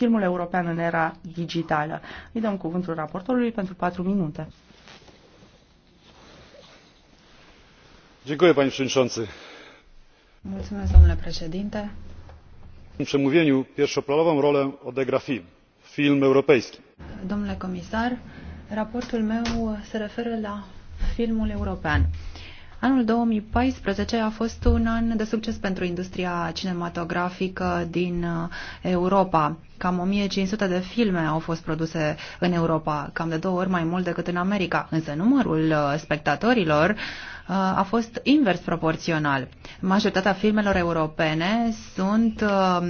filmul european în era digitală. Îi dăm cuvântul raportorului pentru 4 minute. Dziękuję, panie przewodniczący. Mulțumesc, domnule președinte. W przemówieniu pierwszoplanową rolę odegra film, film europejski. Domnule comisar, raportul meu se referă la filmul european. Anul 2014 a fost un an de succes pentru industria cinematografică din uh, Europa. Cam 1500 de filme au fost produse în Europa, cam de două ori mai mult decât în America, însă numărul uh, spectatorilor uh, a fost invers proporțional. Majoritatea filmelor europene sunt uh,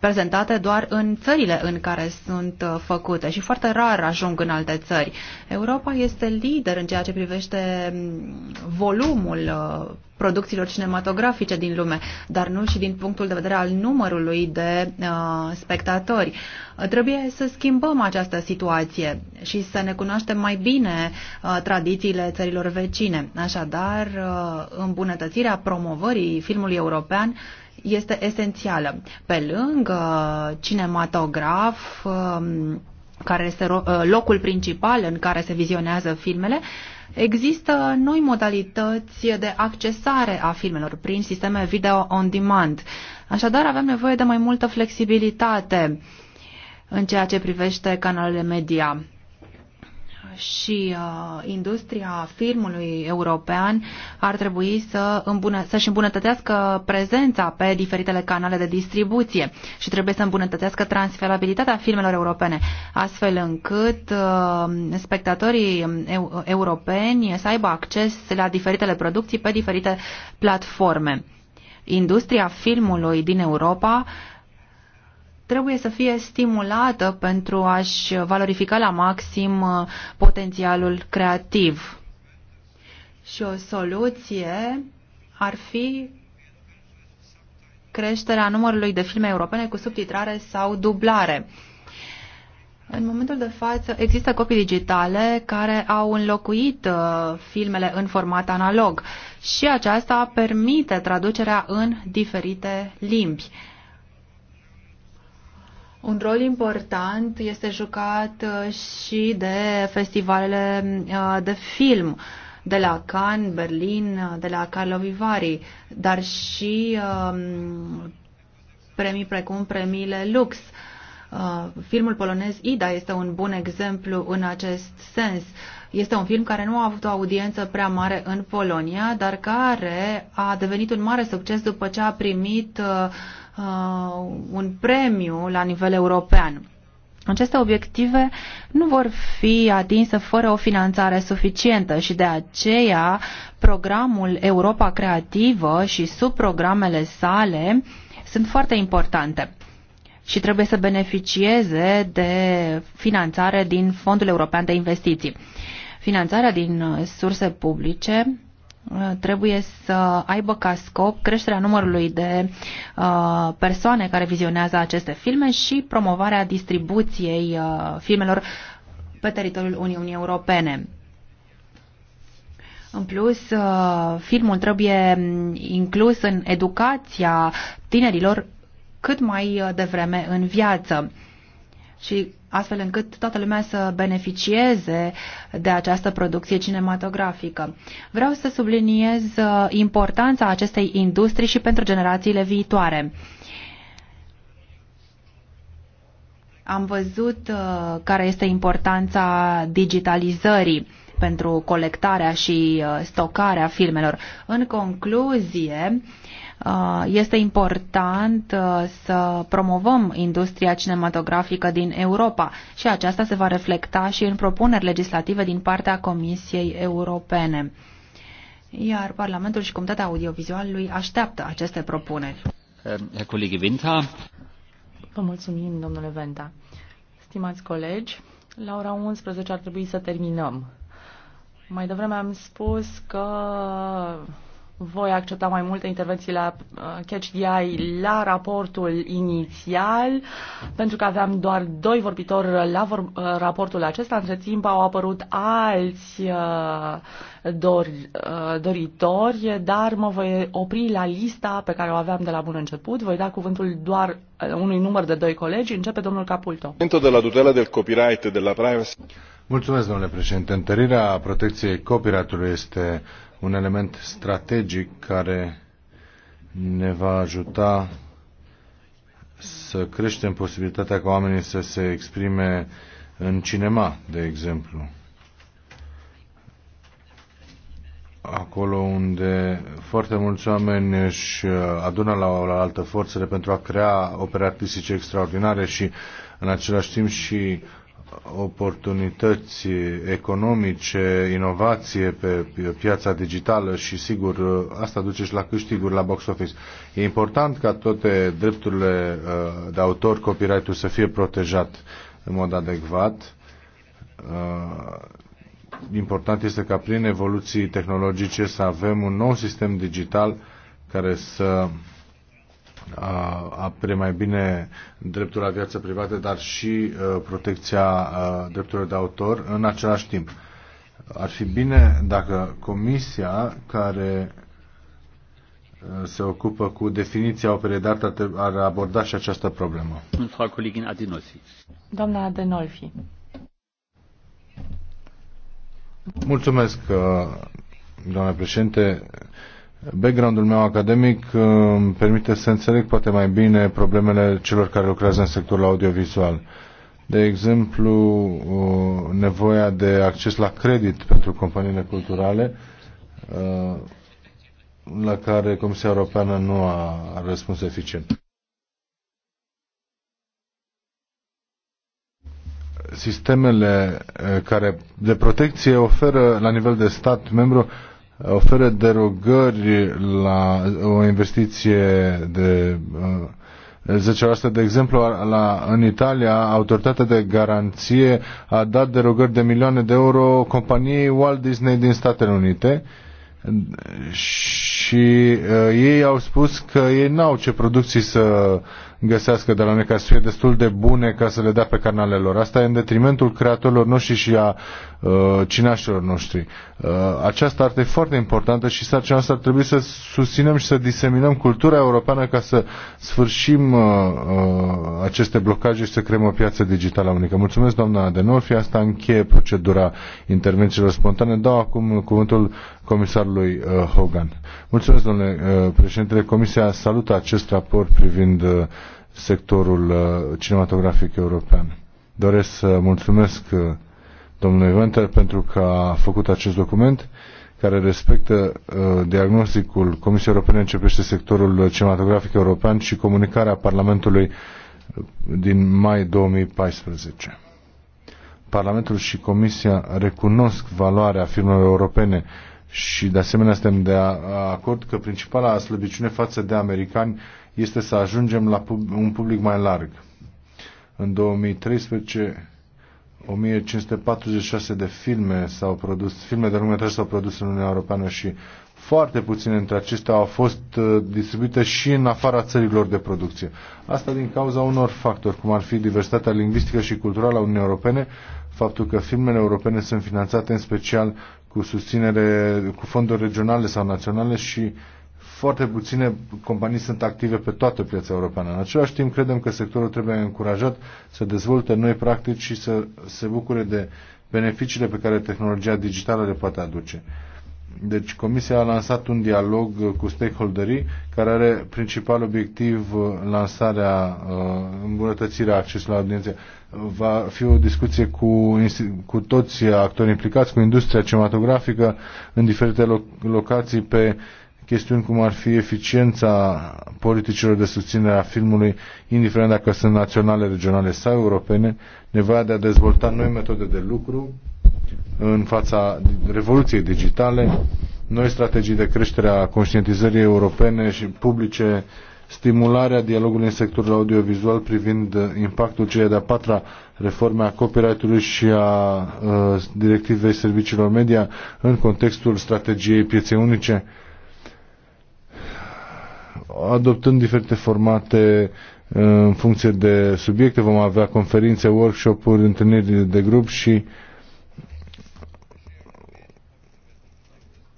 prezentate doar în țările în care sunt uh, făcute și foarte rar ajung în alte țări. Europa este lider în ceea ce privește mm, volumul uh, producțiilor cinematografice din lume, dar nu și din punctul de vedere al numărului de uh, spectatori. Uh, trebuie să schimbăm această situație și să ne cunoaștem mai bine uh, tradițiile țărilor vecine. Așadar, uh, îmbunătățirea promovării filmului european este esențială. Pe lângă cinematograf, um, care este uh, locul principal în care se vizionează filmele, Există noi modalități de accesare a filmelor prin sisteme video on demand. Așadar, avem nevoie de mai multă flexibilitate în ceea ce privește canalele media și uh, industria filmului european ar trebui să îmbună, să-și îmbunătățească prezența pe diferitele canale de distribuție și trebuie să îmbunătățească transferabilitatea filmelor europene, astfel încât uh, spectatorii um, eu, europeni să aibă acces la diferitele producții pe diferite platforme. Industria filmului din Europa uh, trebuie să fie stimulată pentru a-și valorifica la maxim uh, potențialul creativ. Și o soluție ar fi creșterea numărului de filme europene cu subtitrare sau dublare. În momentul de față există copii digitale care au înlocuit uh, filmele în format analog și aceasta permite traducerea în diferite limbi. Un rol important este jucat uh, și de festivalele uh, de film de la Cannes, Berlin, uh, de la Carlo Vivari, dar și um, premii precum premiile Lux. Uh, filmul polonez Ida este un bun exemplu în acest sens. Este un film care nu a avut o audiență prea mare în Polonia, dar care a devenit un mare succes după ce a primit uh, Uh, un premiu la nivel european. Aceste obiective nu vor fi atinse fără o finanțare suficientă și de aceea programul Europa Creativă și subprogramele sale sunt foarte importante și trebuie să beneficieze de finanțare din Fondul European de Investiții. Finanțarea din surse publice trebuie să aibă ca scop creșterea numărului de uh, persoane care vizionează aceste filme și promovarea distribuției uh, filmelor pe teritoriul Uniunii Europene. În plus, uh, filmul trebuie inclus în educația tinerilor cât mai devreme în viață. Și astfel încât toată lumea să beneficieze de această producție cinematografică. Vreau să subliniez uh, importanța acestei industrii și pentru generațiile viitoare. Am văzut uh, care este importanța digitalizării pentru colectarea și uh, stocarea filmelor. În concluzie, uh, este important uh, să promovăm industria cinematografică din Europa și aceasta se va reflecta și în propuneri legislative din partea Comisiei Europene. Iar Parlamentul și Comitatea Audiovizualului așteaptă aceste propuneri. Colegii Venta. Vă mulțumim, domnule Venta. Stimați colegi, la ora 11 ar trebui să terminăm mai devreme am spus că voi accepta mai multe intervenții la uh, Catch Eye la raportul inițial, pentru că aveam doar doi vorbitori la vor, uh, raportul acesta. Între timp au apărut alți uh, dor, doritori, dar mă voi opri la lista pe care o aveam de la bun început. Voi da cuvântul doar unui număr de doi colegi. Începe domnul Capulto. de la tutela del copyright de la privacy. Mulțumesc, domnule președinte. Întărirea protecției copyright-ului este un element strategic care ne va ajuta să creștem posibilitatea ca oamenii să se exprime în cinema, de exemplu. Acolo unde foarte mulți oameni își adună la o la altă forțele pentru a crea opere artistice extraordinare și în același timp și oportunități economice, inovație pe piața digitală și sigur asta duce și la câștiguri la box office. E important ca toate drepturile uh, de autor, copyright-ul să fie protejat în mod adecvat. Uh, important este ca prin evoluții tehnologice să avem un nou sistem digital care să apre mai bine dreptul la viață privată, dar și protecția drepturilor de autor în același timp. Ar fi bine dacă comisia care se ocupă cu definiția operei de artă ar aborda și această problemă. Doamna Adenolfi. Mulțumesc, doamna președinte. Backgroundul meu academic uh, îmi permite să înțeleg poate mai bine problemele celor care lucrează în sectorul audiovizual. De exemplu, uh, nevoia de acces la credit pentru companiile culturale, uh, la care Comisia Europeană nu a răspuns eficient. Sistemele care de protecție oferă la nivel de stat membru oferă derogări la o investiție de 10%. Uh, de exemplu, la, în Italia, autoritatea de garanție a dat derogări de milioane de euro companiei Walt Disney din Statele Unite și uh, ei au spus că ei n-au ce producții să găsească de la noi ca să fie destul de bune ca să le dea pe canalele lor. Asta e în detrimentul creatorilor noștri și a uh, cinașilor noștri. Uh, această artă e foarte importantă și sarcina asta ar trebui să susținem și să diseminăm cultura europeană ca să sfârșim uh, uh, aceste blocaje și să creăm o piață digitală unică. Mulțumesc, doamna Adenolfi. Asta încheie procedura intervențiilor spontane. Dau acum cuvântul comisarului uh, Hogan. Mulțumesc, domnule uh, președintele. Comisia salută acest raport privind uh, sectorul uh, cinematografic european. Doresc să mulțumesc uh, domnului Venter pentru că a făcut acest document care respectă uh, diagnosticul Comisiei Europene începește sectorul cinematografic european și comunicarea Parlamentului din mai 2014. Parlamentul și Comisia recunosc valoarea firmelor europene și de asemenea suntem de acord că principala slăbiciune față de americani este să ajungem la un public mai larg. În 2013, 1546 de filme s-au produs, filme de lungmetraj s-au produs în Uniunea Europeană și foarte puține dintre acestea au fost uh, distribuite și în afara țărilor de producție. Asta din cauza unor factori, cum ar fi diversitatea lingvistică și culturală a Uniunii Europene, faptul că filmele europene sunt finanțate în special cu susținere, cu fonduri regionale sau naționale și foarte puține companii sunt active pe toată piața europeană. În același timp, credem că sectorul trebuie încurajat să dezvolte noi practici și să se bucure de beneficiile pe care tehnologia digitală le poate aduce. Deci Comisia a lansat un dialog cu stakeholderii care are principal obiectiv uh, lansarea, uh, îmbunătățirea accesului la audiențe. Va fi o discuție cu, cu toți actorii implicați, cu industria cinematografică, în diferite lo locații pe chestiuni cum ar fi eficiența politicilor de susținere a filmului, indiferent dacă sunt naționale, regionale sau europene, nevoia de a dezvolta noi metode de lucru, în fața revoluției digitale, noi strategii de creștere a conștientizării europene și publice, stimularea dialogului în sectorul audiovizual privind impactul celei de-a patra reforme a copyright-ului și a uh, directivei serviciilor media în contextul strategiei pieței unice, adoptând diferite formate uh, în funcție de subiecte. Vom avea conferințe, workshop-uri, întâlniri de grup și uh,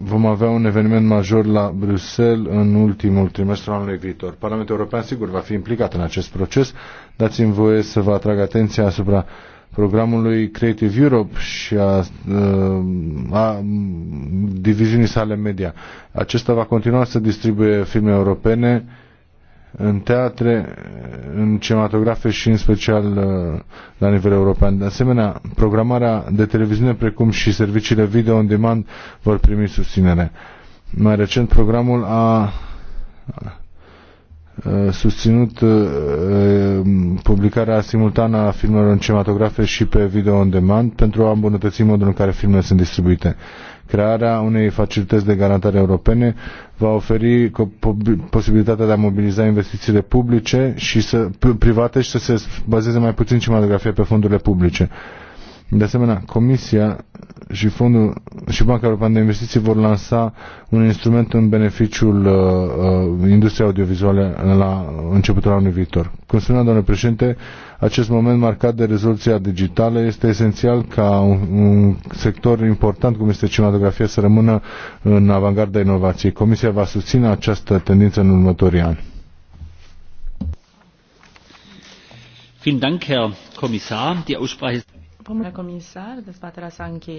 vom avea un eveniment major la Bruxelles în ultimul trimestru anului viitor. Parlamentul European, sigur, va fi implicat în acest proces. Dați-mi voie să vă atrag atenția asupra programului Creative Europe și a, a, uh, a diviziunii sale media. Acesta va continua să distribuie filme europene în teatre, în cinematografe și în special uh, la nivel european. De asemenea, programarea de televiziune precum și serviciile video on demand vor primi susținere. Mai recent, programul a susținut uh, publicarea simultană a filmelor în cinematografe și pe video on demand pentru a îmbunătăți modul în care filmele sunt distribuite. Crearea unei facilități de garantare europene va oferi posibilitatea de a mobiliza investițiile publice și să, private și să se bazeze mai puțin cinematografia pe fondurile publice. De asemenea, Comisia și Fondul și Banca Europeană de Investiții vor lansa un instrument în beneficiul uh, uh industriei audiovizuale la începutul anului viitor. Cum spunea, domnule președinte, acest moment marcat de rezoluția digitală este esențial ca un, un sector important cum este cinematografia să rămână în avangarda inovației. Comisia va susține această tendință în următorii ani. Vielen Dank, Herr Kommissar. Die Aussprache Domnule comisar, dezbaterea s-a încheiat.